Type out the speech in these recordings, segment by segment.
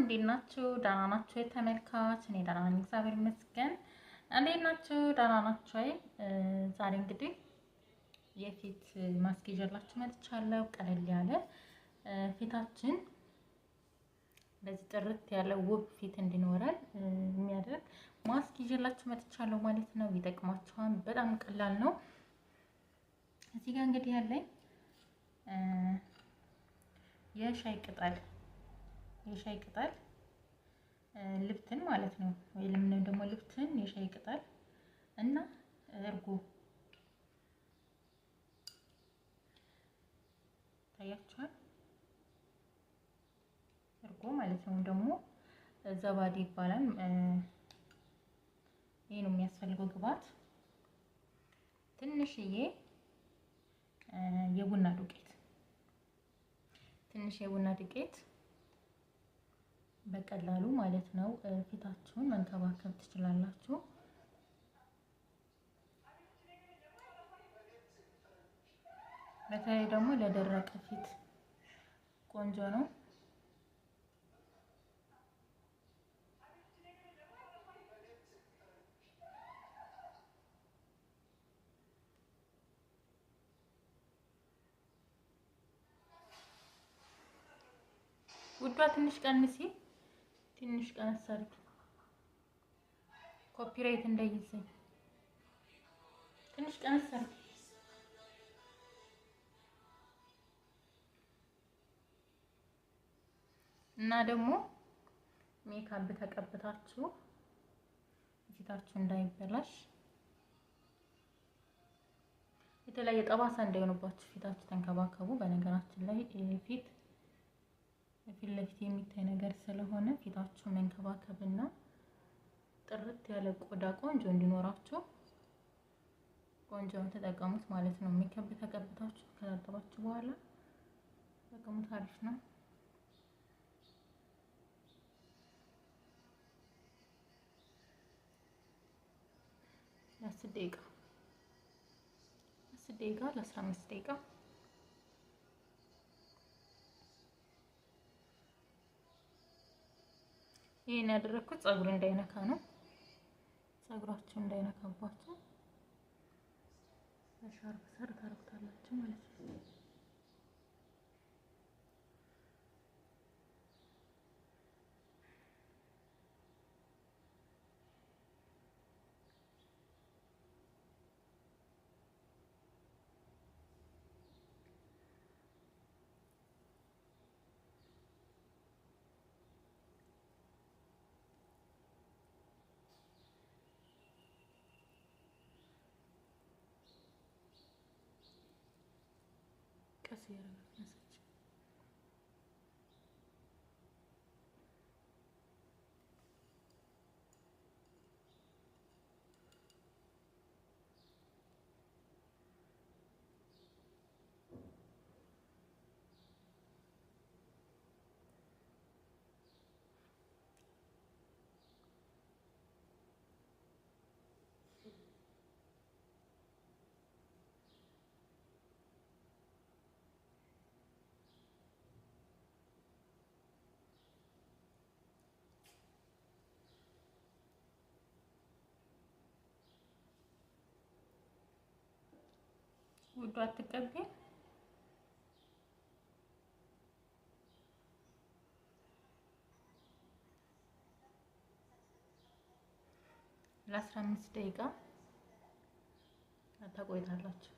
እንዴት ናችሁ? ደህና ናችሁ? የተመልካች እኔ ደህና ነኝ፣ እግዚአብሔር ይመስገን። እንዴት ናችሁ? ደህና ናችሁ ወይ? ዛሬ እንግዲህ የፊት ማስክ ይዤላችሁ መጥቻለሁ። ቀለል ያለ ፊታችን እንደዚህ ጥርት ያለ ውብ ፊት እንዲኖረን የሚያደርግ ማስክ ይዤላችሁ መጥቻለሁ ማለት ነው። ይጠቅማችኋል። በጣም ቀላል ነው። እዚህ ጋር እንግዲህ ያለኝ የሻይ ቅጠል የሻይ ቅጠል ልብትን ማለት ነው። ወይም ደግሞ ልብትን የሻይ ቅጠል እና እርጎ ታያችኋል። እርጎ ማለት ነው ደግሞ ዘባዴ ይባላል። ይሄ ነው የሚያስፈልገው ግብዓት ትንሽዬ የቡና ዱቄት ትንሽ የቡና ዱቄት በቀላሉ ማለት ነው ፊታችሁን መንከባከብ ትችላላችሁ። በተለይ ደግሞ ለደረቀ ፊት ቆንጆ ነው። ውዷ ትንሽ ቀንሲ ትንሽ ቀነስ አድርጊ፣ ኮፒራይት እንዳይዘኝ። ትንሽ ቀነስ አድርጊ። እና ደግሞ ሜካፕ ተቀብታችሁ ፊታችሁ እንዳይበላሽ የተለያየ ጠባሳ እንዳይሆንባችሁ ፊታችሁ ተንከባከቡ። በነገራችን ላይ ፊት ፊት ለፊት የሚታይ ነገር ስለሆነ ፊታችሁ መንከባከብና ጥርት ያለ ቆዳ ቆንጆ እንዲኖራቸው ቆንጆውን ተጠቀሙት ማለት ነው። ሜካፕ ተቀብታችሁ ከታጠባችሁ በኋላ ተጠቀሙት። አሪፍ ነው። ለአስር ደቂቃ አስር ደቂቃ ለአስራ አምስት ደቂቃ ይሄን ያደረኩት ፀጉር እንዳይነካ ነው። ፀጉራችሁ እንዳይነካባችሁ በሻርፕ ሰርግ ታርጉታላችሁ ማለት ነው። see it. ጉዱ አትቀቤም። ለአስራ አምስት ደቂቃ ታቆይታላችሁ።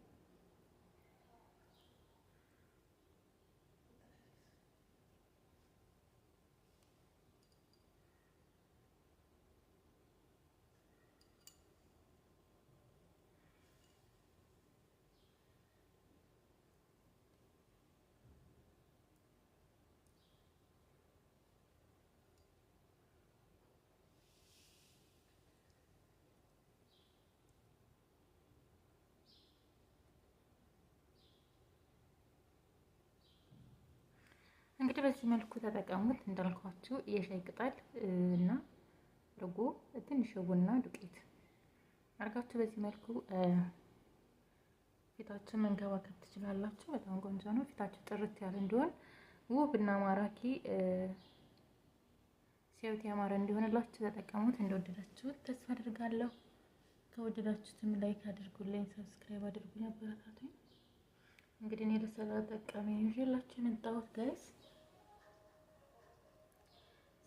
እንግዲህ በዚህ መልኩ ተጠቀሙት። እንዳልኳችሁ የሻይ ቅጠል እና እርጎ፣ ትንሽ ቡና ዱቄት አድርጋችሁ በዚህ መልኩ ፊታችን መንከባከብ ትችላላችሁ። በጣም ቆንጆ ነው። ፊታችሁ ጥርት ያለ እንዲሆን ውብ እና ማራኪ ሲያዩት ያማረ እንዲሆንላችሁ ተጠቀሙት። እንደወደዳችሁ ተስፋ አድርጋለሁ። ከወደዳችሁትም ላይክ አድርጉልኝ፣ ሰብስክራይብ አድርጉልኝ፣ አበረታቱኝ። እንግዲህ እኔ ለሰራ ጠቃሚ ይዤላችሁ የመጣሁት ጋይስ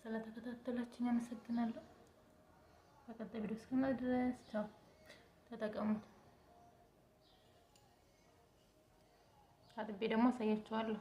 ስለተከታተላችሁኝ አመሰግናለሁ። በቀጣይ ቪዲዮ እስከምንገናኝ ቻው፣ ተጠቀሙት። አጥቤ ደግሞ አሳያችኋለሁ።